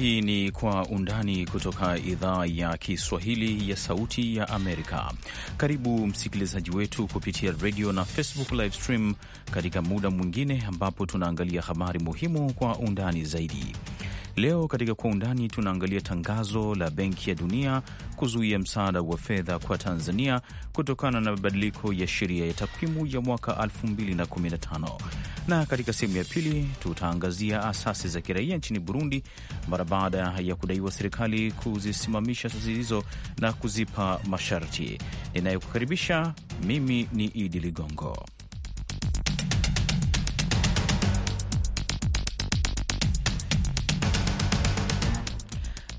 Hii ni Kwa Undani kutoka idhaa ya Kiswahili ya Sauti ya Amerika. Karibu msikilizaji wetu kupitia radio na Facebook live stream katika muda mwingine ambapo tunaangalia habari muhimu kwa undani zaidi. Leo katika Kwa Undani tunaangalia tangazo la Benki ya Dunia kuzuia msaada wa fedha kwa Tanzania kutokana na mabadiliko ya sheria ya takwimu ya mwaka 2015 na katika sehemu ya pili tutaangazia asasi za kiraia nchini Burundi mara baada ya kudaiwa serikali kuzisimamisha asasi hizo na kuzipa masharti. Ninayekukaribisha mimi ni Idi Ligongo.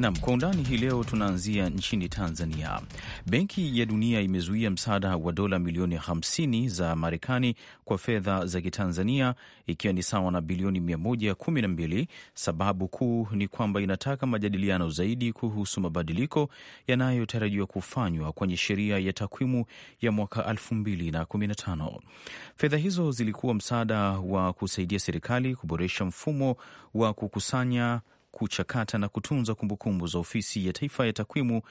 Nam kwa undani hii leo, tunaanzia nchini Tanzania. Benki ya Dunia imezuia msaada wa dola milioni 50 za Marekani kwa fedha za Kitanzania, ikiwa ni sawa na bilioni 112. Sababu kuu ni kwamba inataka majadiliano zaidi kuhusu mabadiliko yanayotarajiwa kufanywa kwenye sheria ya takwimu ya mwaka 2015. Fedha hizo zilikuwa msaada wa kusaidia serikali kuboresha mfumo wa kukusanya kuchakata na kutunza kumbukumbu za ofisi ya taifa ya takwimu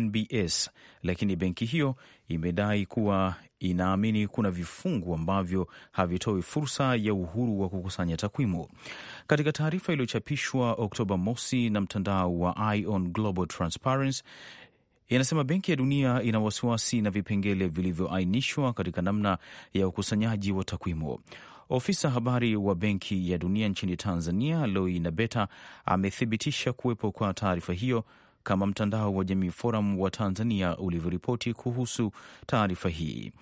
NBS, lakini benki hiyo imedai kuwa inaamini kuna vifungu ambavyo havitoi fursa ya uhuru wa kukusanya takwimu. Katika taarifa iliyochapishwa Oktoba mosi na mtandao wa Ion Global Transparency inasema Benki ya Dunia ina wasiwasi na vipengele vilivyoainishwa katika namna ya ukusanyaji wa takwimu. Ofisa habari wa Benki ya Dunia nchini Tanzania, Loi Nabeta, amethibitisha kuwepo kwa taarifa hiyo kama mtandao wa Jamii Forum wa Tanzania ulivyoripoti kuhusu taarifa hii.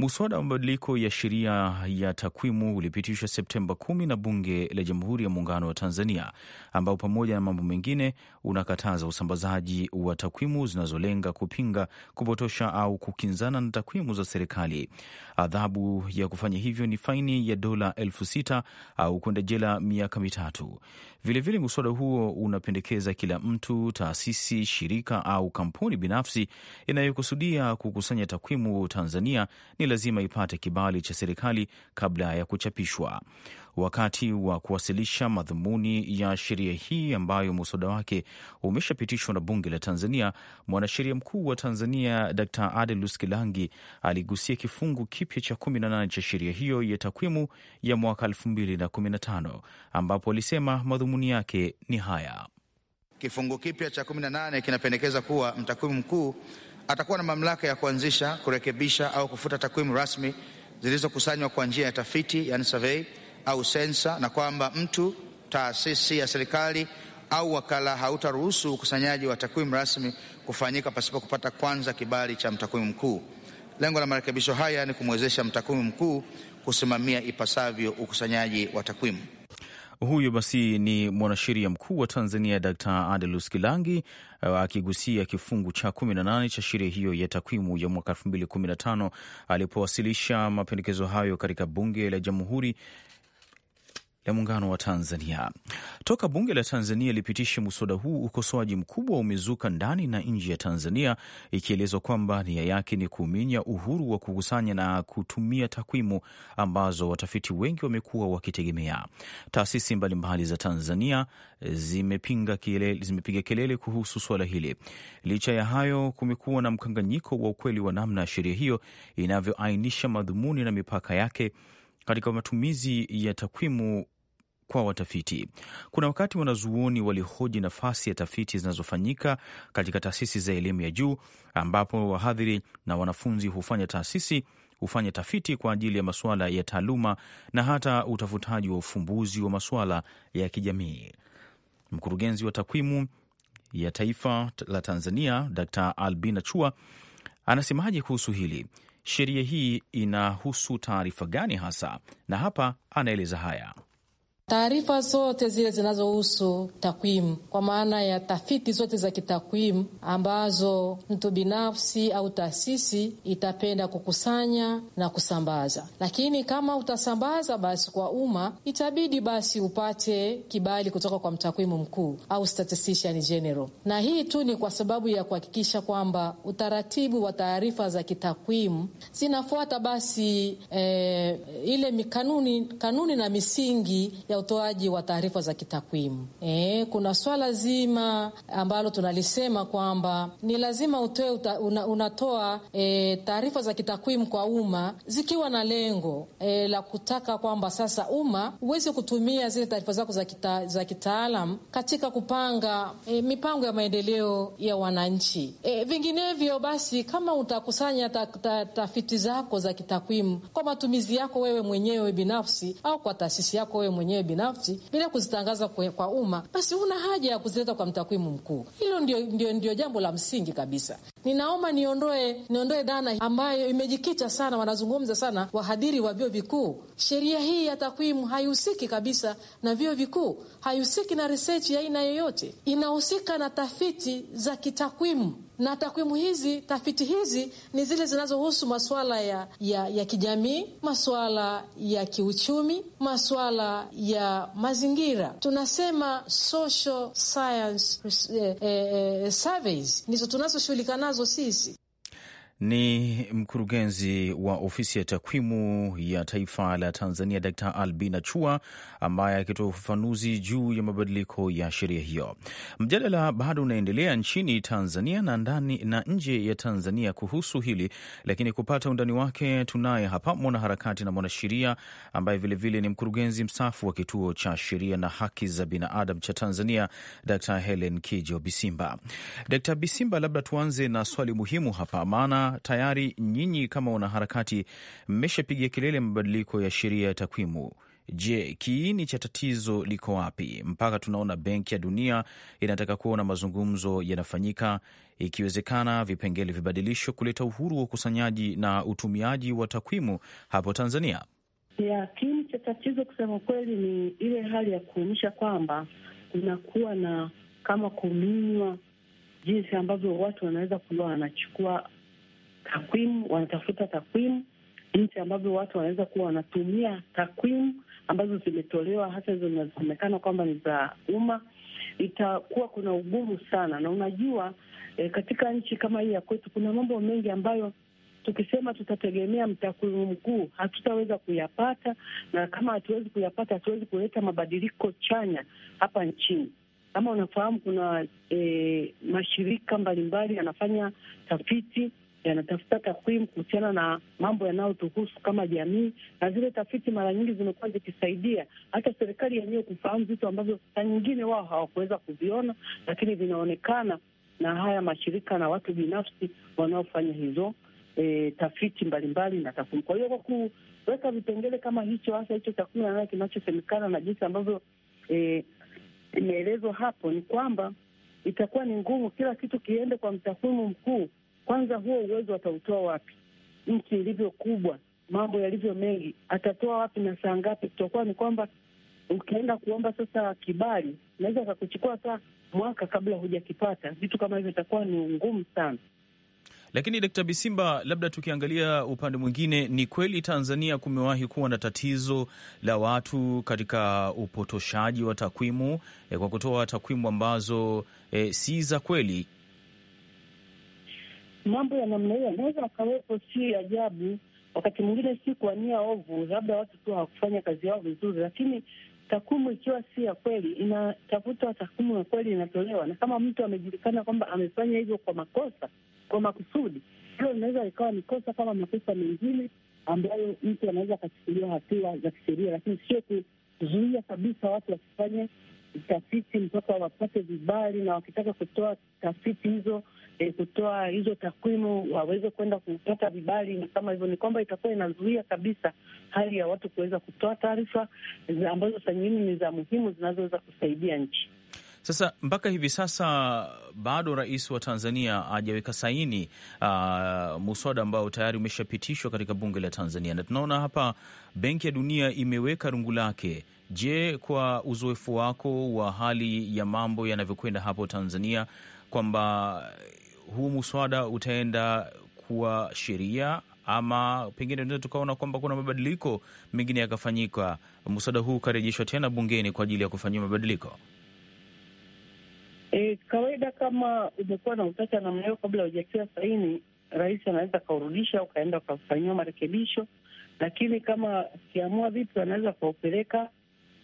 Muswada wa mabadiliko ya sheria ya takwimu ulipitishwa Septemba kumi na Bunge la Jamhuri ya Muungano wa Tanzania, ambao pamoja na mambo mengine unakataza usambazaji wa takwimu zinazolenga kupinga, kupotosha au kukinzana na takwimu za serikali. Adhabu ya kufanya hivyo ni faini ya dola elfu sita au kwenda jela miaka mitatu. Vilevile, muswada huo unapendekeza kila mtu, taasisi, shirika au kampuni binafsi inayokusudia kukusanya takwimu Tanzania ni lazima ipate kibali cha serikali kabla ya kuchapishwa. Wakati wa kuwasilisha madhumuni ya sheria hii ambayo muswada wake umeshapitishwa na bunge la Tanzania, mwanasheria mkuu wa Tanzania d Adelus Kilangi aligusia kifungu kipya cha 18 cha sheria hiyo ya takwimu ya mwaka 2015 ambapo alisema madhumuni yake ni haya. Kifungu kipya cha 18 kinapendekeza kuwa mtakwimu mkuu atakuwa na mamlaka ya kuanzisha, kurekebisha au kufuta takwimu rasmi zilizokusanywa kwa njia ya tafiti, yani survey au sensa, na kwamba mtu, taasisi ya serikali au wakala hautaruhusu ukusanyaji wa takwimu rasmi kufanyika pasipo kupata kwanza kibali cha mtakwimu mkuu. Lengo la marekebisho haya ni kumwezesha mtakwimu mkuu kusimamia ipasavyo ukusanyaji wa takwimu. Huyu basi ni mwanasheria mkuu wa Tanzania Dr. Adelus Kilangi uh, akigusia kifungu cha 18 cha sheria hiyo ya takwimu ya mwaka 2015 alipowasilisha mapendekezo hayo katika Bunge la Jamhuri ya Muungano wa Tanzania. Toka bunge la Tanzania lipitishe muswada huu, ukosoaji mkubwa umezuka ndani na nje ya Tanzania, ikielezwa kwamba nia yake ni kuminya uhuru wa kukusanya na kutumia takwimu ambazo watafiti wengi wamekuwa wakitegemea. Taasisi mbalimbali za Tanzania eh, zimepinga kelele, zimepiga kelele kuhusu suala hili. Licha ya hayo, kumekuwa na mkanganyiko wa ukweli wa namna sheria hiyo inavyoainisha madhumuni na mipaka yake katika matumizi ya takwimu kwa watafiti. Kuna wakati wanazuoni walihoji nafasi ya tafiti zinazofanyika katika taasisi za elimu ya juu, ambapo wahadhiri na wanafunzi hufanya taasisi hufanya tafiti kwa ajili ya masuala ya taaluma na hata utafutaji wa ufumbuzi wa masuala ya kijamii. Mkurugenzi wa takwimu ya taifa la Tanzania d Albina Chua anasemaje kuhusu hili? Sheria hii inahusu taarifa gani hasa? Na hapa anaeleza haya taarifa zote zile zinazohusu takwimu, kwa maana ya tafiti zote za kitakwimu ambazo mtu binafsi au taasisi itapenda kukusanya na kusambaza. Lakini kama utasambaza basi kwa umma, itabidi basi upate kibali kutoka kwa mtakwimu mkuu au statistician general, na hii tu ni kwa sababu ya kuhakikisha kwamba utaratibu wa taarifa za kitakwimu zinafuata basi eh, ile kanuni, kanuni na misingi ya utoaji wa taarifa za kitakwimu. E, kuna swala zima ambalo tunalisema kwamba ni lazima utoe uta, una, unatoa e, taarifa za kitakwimu kwa umma zikiwa na lengo e, la kutaka kwamba sasa umma uweze kutumia zile taarifa zako za, kita, za kitaalam katika kupanga e, mipango ya maendeleo ya wananchi e, vinginevyo basi kama utakusanya tafiti ta, tafiti zako za kitakwimu kwa matumizi yako wewe mwenyewe binafsi au kwa taasisi yako wewe mwenyewe binafsi bila kuzitangaza kwa umma, basi huna haja ya kuzileta kwa mtakwimu mkuu. Hilo ndio, ndio, ndio jambo la msingi kabisa. Ninaomba niondoe niondoe dhana ambayo imejikita sana, wanazungumza sana wahadhiri wa vyuo vikuu. Sheria hii ya takwimu haihusiki kabisa na vyuo vikuu, haihusiki na research ya aina yoyote, inahusika na tafiti za kitakwimu na takwimu hizi, tafiti hizi ni zile zinazohusu masuala ya, ya, ya kijamii, masuala ya kiuchumi, masuala ya mazingira. Tunasema social science, eh, eh, eh surveys ndizo tunazoshughulika caso, Cici? ni mkurugenzi wa ofisi ya takwimu ya taifa la Tanzania, d Albina Chua, ambaye akitoa ufafanuzi juu ya mabadiliko ya sheria hiyo. Mjadala bado unaendelea nchini Tanzania na ndani na nje ya Tanzania kuhusu hili, lakini kupata undani wake tunaye hapa mwanaharakati na mwanasheria ambaye vilevile vile ni mkurugenzi mstaafu wa kituo cha sheria na haki za binadamu cha Tanzania, d Helen Kijo Bisimba. d Bisimba, labda tuanze na swali muhimu hapa, maana tayari nyinyi kama wanaharakati mmeshapiga kelele mabadiliko ya sheria ya takwimu. Je, kiini cha tatizo liko wapi mpaka tunaona Benki ya Dunia inataka kuona mazungumzo yanafanyika, ikiwezekana vipengele vibadilishwe kuleta uhuru wa ukusanyaji na utumiaji wa takwimu hapo Tanzania? Ya, kiini cha tatizo kusema kweli ni ile hali ya kuonyesha kwamba kunakuwa na kama kuminywa jinsi ambavyo watu wanaweza kuwa wanachukua takwimu, wanatafuta takwimu nchi ambavyo watu wanaweza kuwa wanatumia takwimu ambazo zimetolewa hasa hizo zinazosemekana kwamba ni za umma, itakuwa kuna ugumu sana. Na unajua e, katika nchi kama hii ya kwetu kuna mambo mengi ambayo tukisema tutategemea mtakwimu mkuu hatutaweza kuyapata, na kama hatuwezi kuyapata, hatuwezi kuleta mabadiliko chanya hapa nchini. Kama unafahamu kuna e, mashirika mbalimbali yanafanya tafiti yanatafuta takwimu kuhusiana na mambo yanayotuhusu kama jamii, na zile tafiti mara nyingi zimekuwa zikisaidia hata serikali yenyewe kufahamu vitu ambavyo saa nyingine wao hawakuweza kuviona, lakini vinaonekana na haya mashirika na watu binafsi wanaofanya hizo e, tafiti mbalimbali na takwimu. Kwa hiyo kwa kuweka vipengele kama hicho, hasa hicho cha kumi na nane kinachosemekana na jinsi ambavyo e, imeelezwa hapo, ni kwamba itakuwa ni ngumu kila kitu kiende kwa mtakwimu mkuu kwanza huo uwezo atautoa wapi? Nchi ilivyo kubwa, mambo yalivyo mengi, atatoa wapi na saa ngapi? Tutakuwa ni kwamba ukienda kuomba sasa kibali, naweza akakuchukua saa mwaka kabla hujakipata. Vitu kama hivyo itakuwa ni ngumu sana. Lakini Dkt. Bisimba, labda tukiangalia upande mwingine, ni kweli Tanzania kumewahi kuwa na tatizo la watu katika upotoshaji wa takwimu eh, kwa kutoa takwimu ambazo eh, si za kweli mambo ya namna hiyo anaweza akawepo, si ajabu. Wakati mwingine si kwa nia ovu, labda watu tu hawakufanya kazi yao vizuri, lakini takwimu ikiwa si ya kweli, inatafutwa takwimu ya kweli, inatolewa. Na kama mtu amejulikana kwamba amefanya hivyo kwa makosa, kwa makusudi, hilo linaweza likawa ni kosa kama makosa mengine ambayo mtu anaweza akachukuliwa hatua za kisheria, lakini sio kuzuia kabisa watu wasifanye tafiti mpaka wapate vibali, na wakitaka kutoa tafiti hizo e, kutoa hizo takwimu waweze kwenda kupata vibali na kama hivyo, ni kwamba itakuwa inazuia kabisa hali ya watu kuweza kutoa taarifa ambazo saa nyingine ni za muhimu zinazoweza kusaidia nchi. Sasa mpaka hivi sasa bado rais wa Tanzania hajaweka saini uh, muswada ambao tayari umeshapitishwa katika bunge la Tanzania, na tunaona hapa Benki ya Dunia imeweka rungu lake. Je, kwa uzoefu wako wa hali ya mambo yanavyokwenda hapo Tanzania, kwamba huu muswada utaenda kuwa sheria ama pengine tunaweza tukaona kwamba kuna mabadiliko mengine yakafanyika, muswada huu ukarejeshwa tena bungeni kwa ajili ya kufanyiwa mabadiliko? E, kawaida kama umekuwa na utata namna hiyo kabla hujatia saini, rais anaweza akaurudisha ukaenda ukafanyiwa marekebisho, lakini kama siamua vipi, anaweza kaupeleka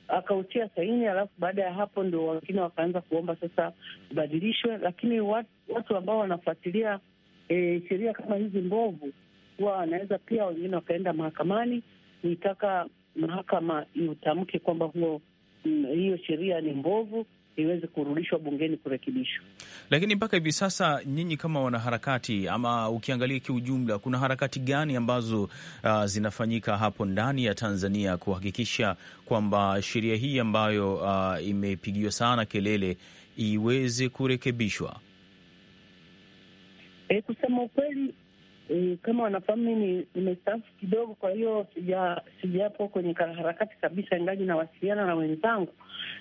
akautia saini, alafu baada ya hapo ndio wengine wakaanza kuomba sasa ubadilishwe. Lakini watu, watu ambao wanafuatilia e, sheria kama hizi mbovu huwa wanaweza pia wengine wakaenda mahakamani kuitaka mahakama iutamke kwamba huo mm, hiyo sheria ni mbovu iweze kurudishwa bungeni kurekebishwa. Lakini mpaka hivi sasa nyinyi kama wanaharakati, ama ukiangalia kiujumla, kuna harakati gani ambazo uh, zinafanyika hapo ndani ya Tanzania kuhakikisha kwamba sheria hii ambayo uh, imepigiwa sana kelele iweze kurekebishwa? E, kusema ukweli E, kama wanafahamu mimi nimestaafu kidogo, kwa hiyo sija sijapo kwenye harakati kabisa, ingaji nawasiliana na wenzangu.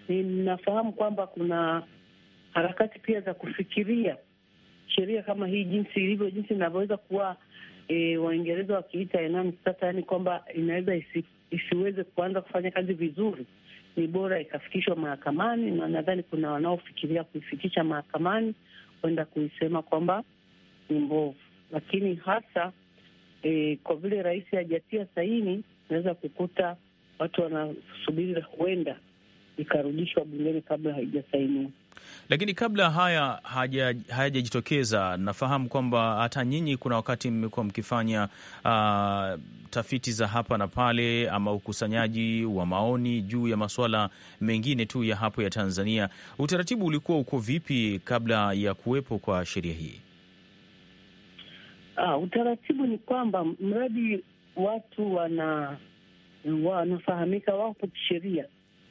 Ninafahamu kwamba kuna harakati pia za kufikiria sheria kama hii jinsi ilivyo, jinsi inavyoweza kuwa e, Waingereza wakiita enamstata, yani kwamba inaweza isi, isiweze kuanza kufanya kazi vizuri, ni bora ikafikishwa mahakamani, na nadhani kuna wanaofikiria kuifikisha mahakamani kwenda kuisema kwamba ni mbovu lakini hasa e, kwa vile rais hajatia saini, naweza kukuta watu wanasubiri huenda ikarudishwa bungeni kabla haijasainiwa. Lakini kabla haya hayajajitokeza nafahamu kwamba hata nyinyi kuna wakati mmekuwa mkifanya uh, tafiti za hapa na pale ama ukusanyaji wa maoni juu ya masuala mengine tu ya hapo ya Tanzania. Utaratibu ulikuwa uko vipi kabla ya kuwepo kwa sheria hii? Ah, utaratibu ni kwamba mradi watu wana wanafahamika wapo kisheria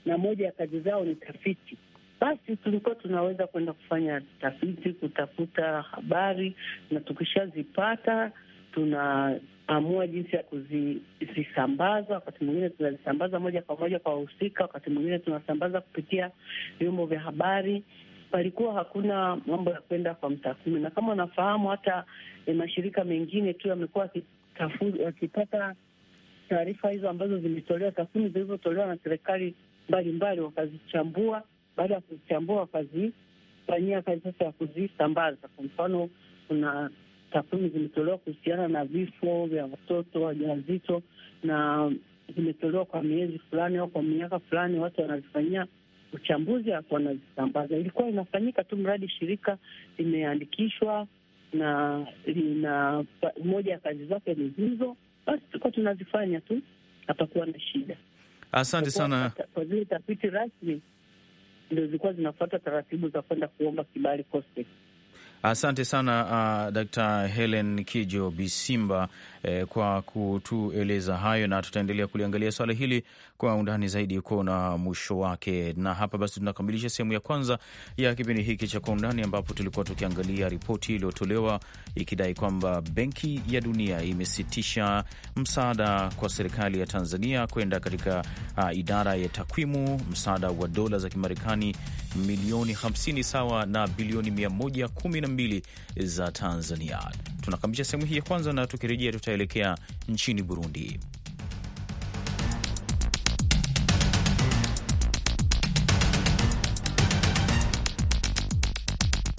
na moja ya kazi zao ni tafiti, basi tulikuwa tunaweza kwenda kufanya tafiti, kutafuta habari, na tukishazipata tunaamua jinsi ya kuzisambaza. Wakati mwingine tunazisambaza moja kwa moja kwa wahusika, wakati mwingine tunasambaza kupitia vyombo vya habari palikuwa hakuna mambo ya kwenda kwa mtakumi, na kama unafahamu hata e, mashirika mengine tu yamekuwa akipata taarifa hizo ambazo zimetolewa, takwimu zilizotolewa na serikali mbalimbali, wakazichambua. Baada ya kuzichambua, wakazifanyia kazi sasa ya kuzisambaza. Kwa mfano, kuna takwimu zimetolewa kuhusiana na vifo vya watoto wajawazito, na zimetolewa kwa miezi fulani au kwa miaka fulani, watu wanazifanyia uchambuzi hakuwa nazisambaza. Ilikuwa inafanyika tu mradi shirika limeandikishwa na lina moja ya kazi zake ni hizo, basi tulikuwa tunazifanya tu, hapakuwa na shida. Asante sana kwa zile tafiti rasmi ndo zilikuwa zinafuata taratibu za kwenda kuomba kibali COSTECH. Asante sana uh, Dr. Helen Kijo Bisimba eh, kwa kutueleza hayo, na tutaendelea kuliangalia swala hili kwa undani zaidi uko na mwisho wake. Na hapa basi tunakamilisha sehemu ya kwanza ya kipindi hiki cha Kwa Undani, ambapo tulikuwa tukiangalia ripoti iliyotolewa ikidai kwamba Benki ya Dunia imesitisha msaada kwa serikali ya Tanzania kwenda katika uh, idara ya takwimu, msaada wa dola za Kimarekani milioni 50 sawa na bilioni 112 za Tanzania. Tunakamilisha sehemu hii ya kwanza, na tukirejea tutaelekea nchini Burundi.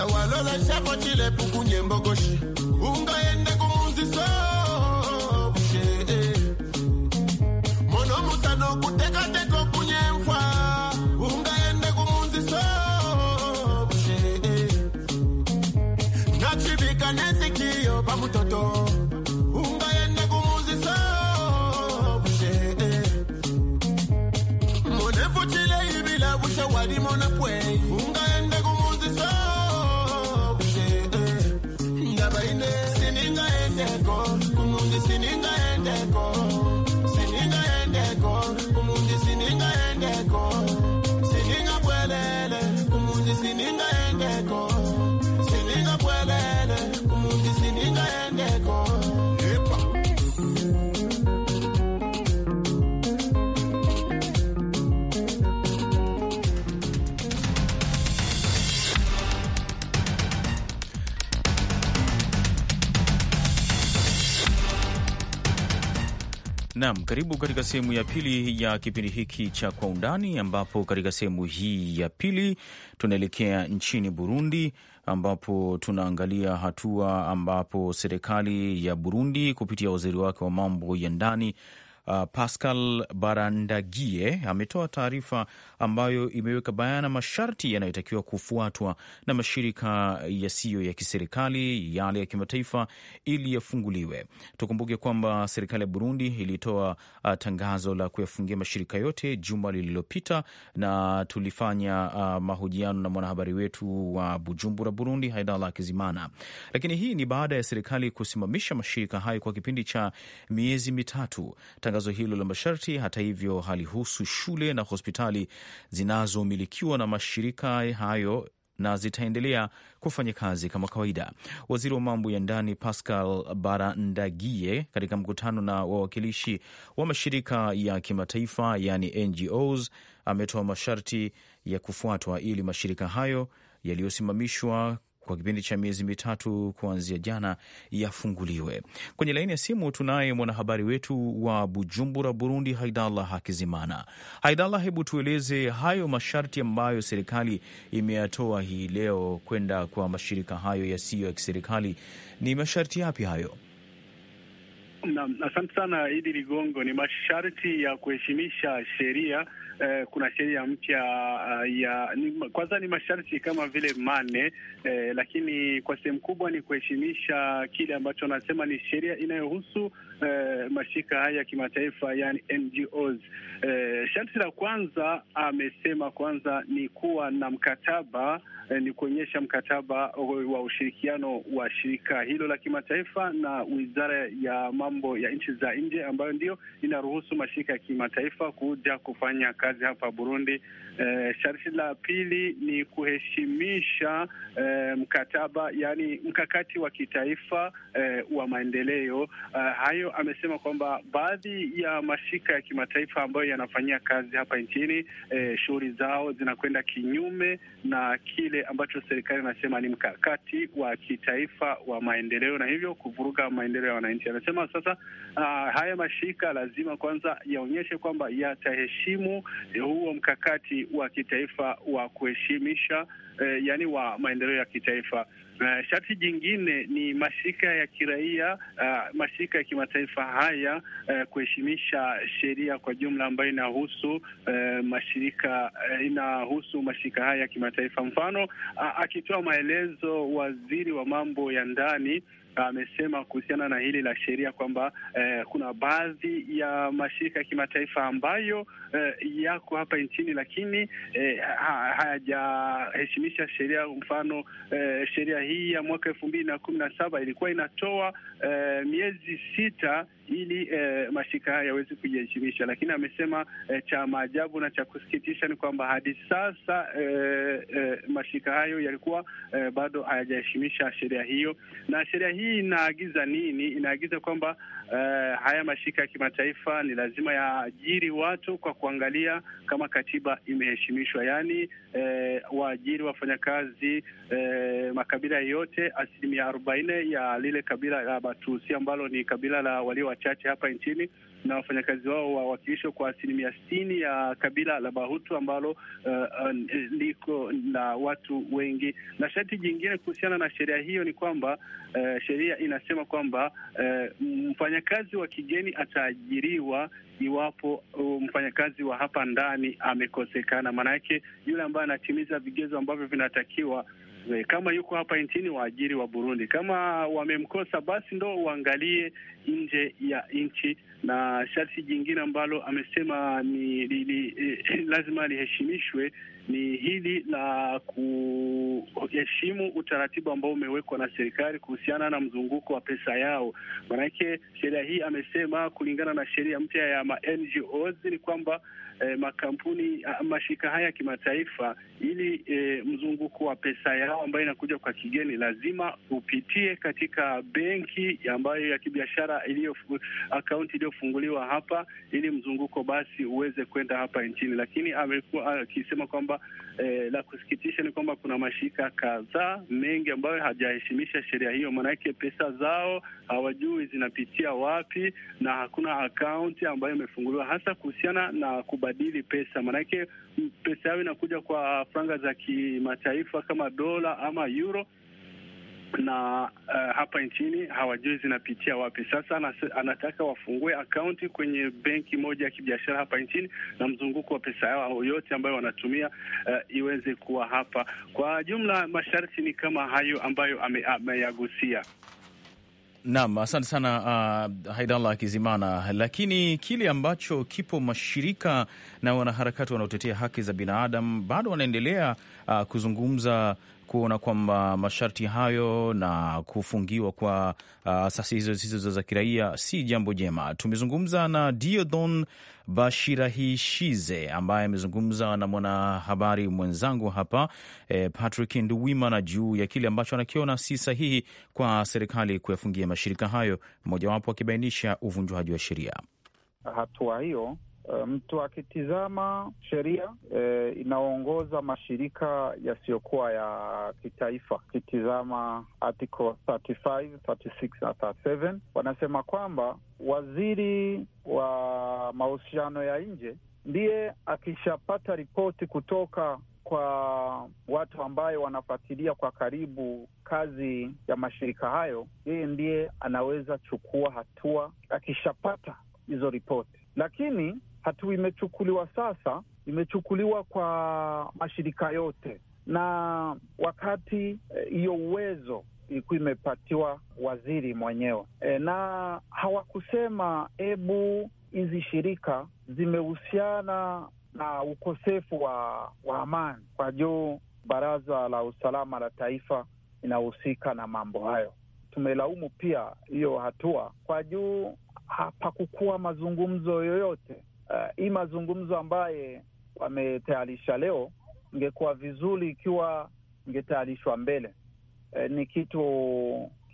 zawalola shako chilepukunye mbogoshi ungaye pendejo. Naam, karibu katika sehemu ya pili ya kipindi hiki cha Kwa Undani, ambapo katika sehemu hii ya pili tunaelekea nchini Burundi, ambapo tunaangalia hatua ambapo serikali ya Burundi kupitia waziri wake wa mambo ya ndani uh, Pascal Barandagie ametoa taarifa ambayo imeweka bayana masharti yanayotakiwa kufuatwa na mashirika yasiyo ya kiserikali yale ya kimataifa ili yafunguliwe. Tukumbuke kwamba serikali ya Burundi ilitoa uh, tangazo la kuyafungia mashirika yote juma lililopita, na tulifanya uh, mahojiano na mwanahabari wetu wa uh, Bujumbura, Burundi, Haidala Kizimana. Lakini hii ni baada ya serikali kusimamisha mashirika hayo kwa kipindi cha miezi mitatu. Tangazo hilo la masharti, hata hivyo, halihusu shule na hospitali zinazomilikiwa na mashirika hayo na zitaendelea kufanya kazi kama kawaida. Waziri wa mambo ya ndani Pascal Barandagie, katika mkutano na wawakilishi wa mashirika ya kimataifa yani NGOs, ametoa masharti ya kufuatwa ili mashirika hayo yaliyosimamishwa kwa kipindi cha miezi mitatu kuanzia jana yafunguliwe. Kwenye laini ya simu tunaye mwanahabari wetu wa Bujumbura, Burundi, Haidallah Hakizimana. Haidallah, hebu tueleze hayo masharti ambayo serikali imeyatoa hii leo kwenda kwa mashirika hayo yasiyo ya kiserikali, ni masharti yapi hayo? Naam, asante sana Idi Ligongo. Ni masharti ya kuheshimisha sheria eh, kuna sheria mpya uh, ya ni, kwanza ni masharti kama vile mane eh, lakini kwa sehemu kubwa ni kuheshimisha kile ambacho anasema ni sheria inayohusu eh, mashirika haya ya kimataifa yani NGOs. Eh, sharti la kwanza amesema kwanza ni kuwa na mkataba eh, ni kuonyesha mkataba wa ushirikiano wa shirika hilo la kimataifa na wizara ya mambo ya nchi za nje ambayo ndio inaruhusu mashirika ya kimataifa kuja kufanya kazi kazi hapa Burundi Eh, sharti la pili ni kuheshimisha e, mkataba yani mkakati wa kitaifa e, wa maendeleo e, hayo amesema kwamba baadhi ya mashirika ya kimataifa ambayo yanafanyia kazi hapa nchini e, shughuli zao zinakwenda kinyume na kile ambacho serikali anasema ni mkakati wa kitaifa wa maendeleo na hivyo kuvuruga maendeleo ya wananchi. Anasema sasa a, ah, haya mashirika lazima kwanza yaonyeshe kwamba yataheshimu huo mkakati wa kitaifa wa kuheshimisha eh, yani wa maendeleo ya kitaifa. Uh, sharti jingine ni mashirika ya kiraia uh, mashirika ya kimataifa haya uh, kuheshimisha sheria kwa jumla ambayo inahusu uh, mashirika uh, inahusu mashirika haya ya kimataifa. Mfano uh, akitoa maelezo waziri wa mambo ya ndani amesema kuhusiana na hili la sheria kwamba eh, kuna baadhi ya mashirika ya kimataifa ambayo eh, yako hapa nchini lakini eh, hayajaheshimisha sheria. Mfano eh, sheria hii ya mwaka elfu mbili na kumi na saba ilikuwa inatoa eh, miezi sita ili eh, mashirika haya yaweze kujiheshimisha. Lakini amesema eh, cha maajabu na cha kusikitisha ni kwamba hadi sasa eh, eh, mashirika hayo yalikuwa eh, bado hayajaheshimisha sheria hiyo. Na sheria hii inaagiza nini? Inaagiza kwamba eh, haya mashirika ya kimataifa ni lazima yaajiri watu kwa kuangalia kama katiba imeheshimishwa, yaani eh, waajiri wafanyakazi eh, makabila yote asilimia arobaini ya lile kabila la Batusi ambalo ni kabila la walio wachache hapa nchini na wafanyakazi wao wawakilishwe kwa asilimia sitini ya kabila la Bahutu ambalo liko uh, uh, liko na watu wengi. Na sharti jingine kuhusiana na sheria hiyo ni kwamba uh, sheria inasema kwamba uh, mfanyakazi wa kigeni ataajiriwa iwapo uh, mfanyakazi wa hapa ndani amekosekana. Maana yake yule ambaye anatimiza vigezo ambavyo vinatakiwa Eh, kama yuko hapa nchini, waajiri wa Burundi. Kama wamemkosa, basi ndo uangalie nje ya nchi. Na sharti jingine ambalo amesema ni, li, eh, lazima liheshimishwe ni hili la kuheshimu utaratibu ambao umewekwa na serikali kuhusiana na mzunguko wa pesa yao. Manake sheria hii amesema, kulingana na sheria mpya ya ma NGOs ni kwamba eh, makampuni ah, mashirika haya ya kimataifa, ili eh, mzunguko wa pesa yao ambayo inakuja kwa kigeni lazima upitie katika benki ambayo ya kibiashara iliyo akaunti iliyofunguliwa hapa, ili mzunguko basi uweze kwenda hapa nchini, lakini amekuwa akisema kwamba eh, la kusikitisha ni kwamba kuna mashirika kadhaa mengi ambayo hajaheshimisha sheria hiyo, maanake pesa zao hawajui zinapitia wapi, na hakuna akaunti ambayo imefunguliwa hasa kuhusiana na kubadili pesa, maanake pesa yao inakuja kwa franga za kimataifa kama dola ama euro na uh, hapa nchini hawajui zinapitia wapi. Sasa anataka wafungue akaunti kwenye benki moja ya kibiashara hapa nchini, na mzunguko wa pesa yao yote ambayo wanatumia uh, iweze kuwa hapa. Kwa jumla, masharti ni kama hayo ambayo ameyagusia. Naam, asante sana uh, Haidallah Kizimana. Lakini kile ambacho kipo, mashirika na wanaharakati wanaotetea haki za binadamu bado wanaendelea uh, kuzungumza kuona kwamba masharti hayo na kufungiwa kwa uh, asasi hizo zisizo za kiraia si jambo jema. Tumezungumza na Diodon Bashirahishize ambaye amezungumza na mwanahabari mwenzangu hapa eh, Patrick Nduwimana juu ya kile ambacho anakiona si sahihi kwa serikali kuyafungia mashirika hayo, mmojawapo akibainisha uvunjwaji wa sheria. Hatua hiyo Eh, mtu um, akitizama sheria e, inaongoza mashirika yasiyokuwa ya kitaifa. kitizama article 35, 36 na 37 wanasema kwamba waziri wa mahusiano ya nje ndiye akishapata ripoti kutoka kwa watu ambayo wanafuatilia kwa karibu kazi ya mashirika hayo, yeye ndiye anaweza chukua hatua akishapata hizo ripoti, lakini hatua imechukuliwa sasa, imechukuliwa kwa mashirika yote, na wakati eh, hiyo e, uwezo ilikuwa imepatiwa waziri mwenyewe e, na hawakusema hebu hizi shirika zimehusiana na ukosefu wa, wa amani kwa juu Baraza la Usalama la Taifa inahusika na mambo hayo. Tumelaumu pia hiyo hatua kwa juu hapakukuwa mazungumzo yoyote Eh, hii mazungumzo ambaye wametayarisha leo, ingekuwa vizuri ikiwa ingetayarishwa mbele. E, ni kitu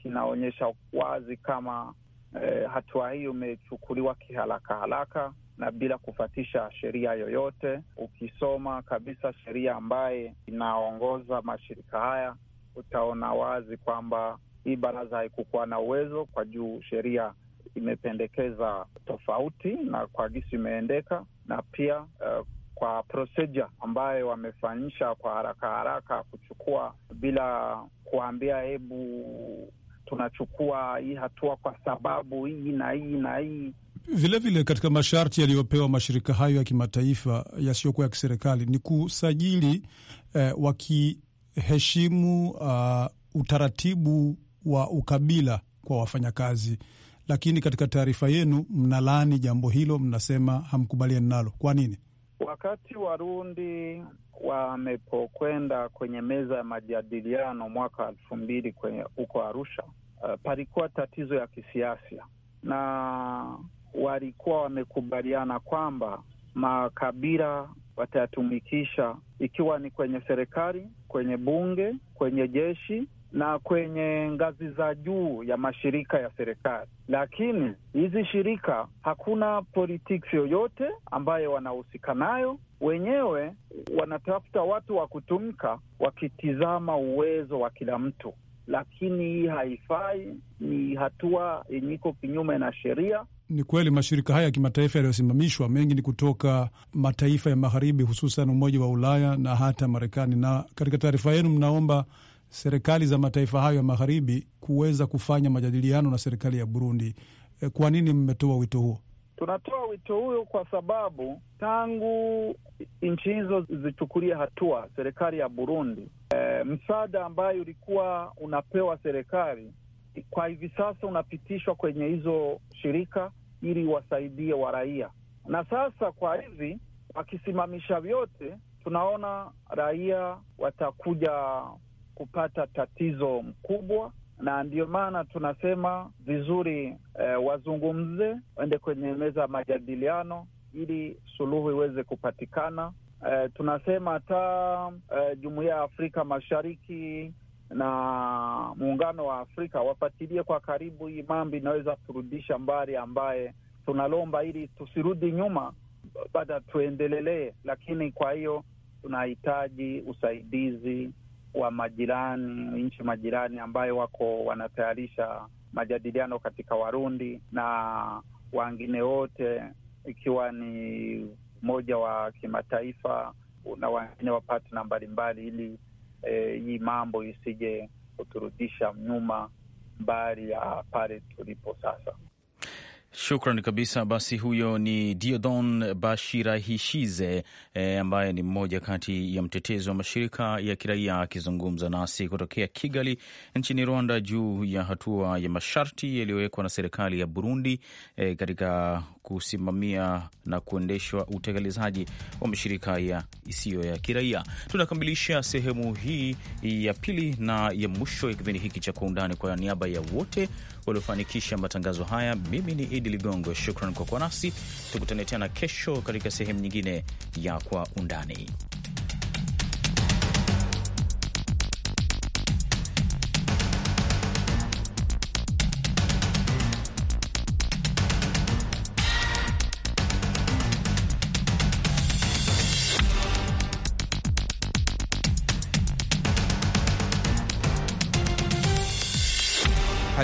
kinaonyesha wazi kama e, hatua hiyo imechukuliwa kiharaka haraka na bila kufatisha sheria yoyote. Ukisoma kabisa sheria ambaye inaongoza mashirika haya utaona wazi kwamba hii baraza haikukuwa na uwezo kwa juu sheria imependekeza tofauti na kwa gisi imeendeka na pia uh, kwa procedure ambayo wamefanyisha kwa haraka haraka kuchukua bila kuambia hebu tunachukua hii hatua kwa sababu hii na hii na hii. Vilevile vile katika masharti yaliyopewa mashirika hayo ya kimataifa yasiyokuwa ya kiserikali ni kusajili eh, wakiheshimu uh, utaratibu wa ukabila kwa wafanyakazi lakini katika taarifa yenu mnalaani jambo hilo, mnasema hamkubaliani nalo. Kwa nini? Wakati Warundi wamepokwenda kwenye meza ya majadiliano mwaka wa elfu mbili huko Arusha, uh, palikuwa tatizo ya kisiasa na walikuwa wamekubaliana kwamba makabila watayatumikisha ikiwa ni kwenye serikali, kwenye bunge, kwenye jeshi na kwenye ngazi za juu ya mashirika ya serikali, lakini hizi shirika hakuna politics yoyote ambayo wanahusika nayo. Wenyewe wanatafuta watu wa kutumka, wakitizama uwezo wa kila mtu, lakini hii haifai, ni hatua yenye iko kinyume na sheria. Ni kweli mashirika haya ya kimataifa yaliyosimamishwa mengi ni kutoka mataifa ya Magharibi, hususan Umoja wa Ulaya na hata Marekani. Na katika taarifa yenu mnaomba serikali za mataifa hayo ya magharibi kuweza kufanya majadiliano na serikali ya Burundi. Eh, kwa nini mmetoa wito huo? Tunatoa wito huo kwa sababu tangu nchi hizo zichukulia hatua serikali ya Burundi, e, msaada ambayo ulikuwa unapewa serikali kwa hivi sasa unapitishwa kwenye hizo shirika ili wasaidie waraia, na sasa kwa hivi wakisimamisha vyote, tunaona raia watakuja kupata tatizo mkubwa, na ndio maana tunasema vizuri, eh, wazungumze, waende kwenye meza ya majadiliano ili suluhu iweze kupatikana. Eh, tunasema hata eh, jumuiya ya Afrika Mashariki na muungano wa Afrika wafatilie kwa karibu hii mambo, inaweza kurudisha mbali ambaye tunalomba, ili tusirudi nyuma, bada tuendelelee. Lakini kwa hiyo tunahitaji usaidizi wa majirani, nchi majirani ambayo wako wanatayarisha majadiliano katika Warundi na wengine wote, ikiwa ni umoja wa kimataifa na wengine wa patna mbalimbali, ili e, hii mambo isije kuturudisha nyuma mbali ya pale tulipo sasa. Shukran kabisa. Basi huyo ni Diodon Bashirahishize e, eh, ambaye ni mmoja kati ya mtetezi wa mashirika ya kiraia akizungumza nasi kutokea Kigali nchini Rwanda juu ya hatua ya masharti yaliyowekwa na serikali ya Burundi e, katika kusimamia na kuendeshwa utekelezaji wa mashirika ya isiyo ya kiraia. Tunakamilisha sehemu hii ya pili na ya mwisho ya kipindi hiki cha Kwa Undani. Kwa niaba ya wote waliofanikisha matangazo haya, mimi ni Idi Ligongo, shukran kwa kuwa nasi. Tukutane tena kesho katika sehemu nyingine ya Kwa Undani.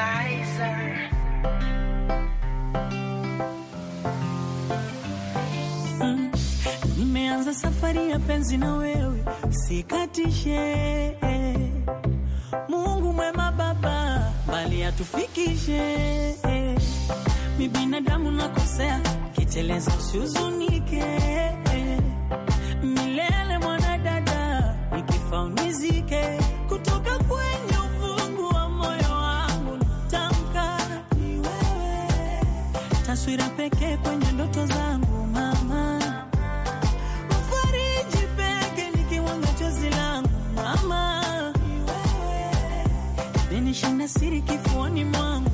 equalizer. Mm, nimeanza safari ya penzi na wewe, sikatishe. Mungu mwema Baba, bali atufikishe. Mi binadamu nakosea, kiteleza usihuzunike milele mwanadada, nikifa unizike taswira pekee kwenye ndoto zangu. Mama ufariji peke nikiwanga chozi langu mama, umenishinda siri kifuani mwangu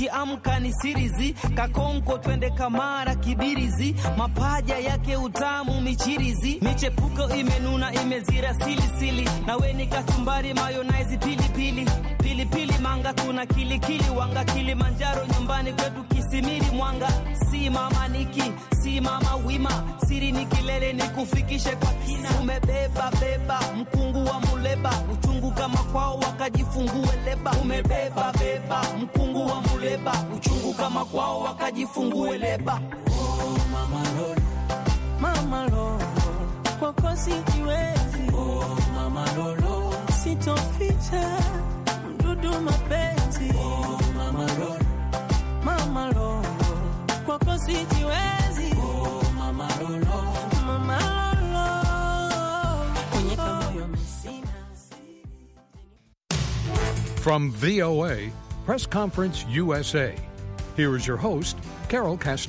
ukiamka ni sirizi, kakonko twende Kamara kibirizi, mapaja yake utamu michirizi, michepuko imenuna imezira silisili, na weni kachumbari mayonaizi pilipili pili pilipili manga, kuna kilikili wanga, Kilimanjaro nyumbani kwetu, Kisimiri mwanga, si mama niki, si mama wima, siri ni kilele, ni kufikishe kwa kina, umebeba beba mkungu wa muleba, uchungu kama kwao wakajifungue leba, umebeba beba mkungu wa muleba, uchungu kama kwao wakajifungue leba. Oh, mama lolo, mama lolo, kwako sikiwezi. Oh, mama lolo, sitoficha mapenzi oh, mama kwako sijiwezi oh, mama oh. From VOA Press Conference USA. Here is your host, Carol Castro.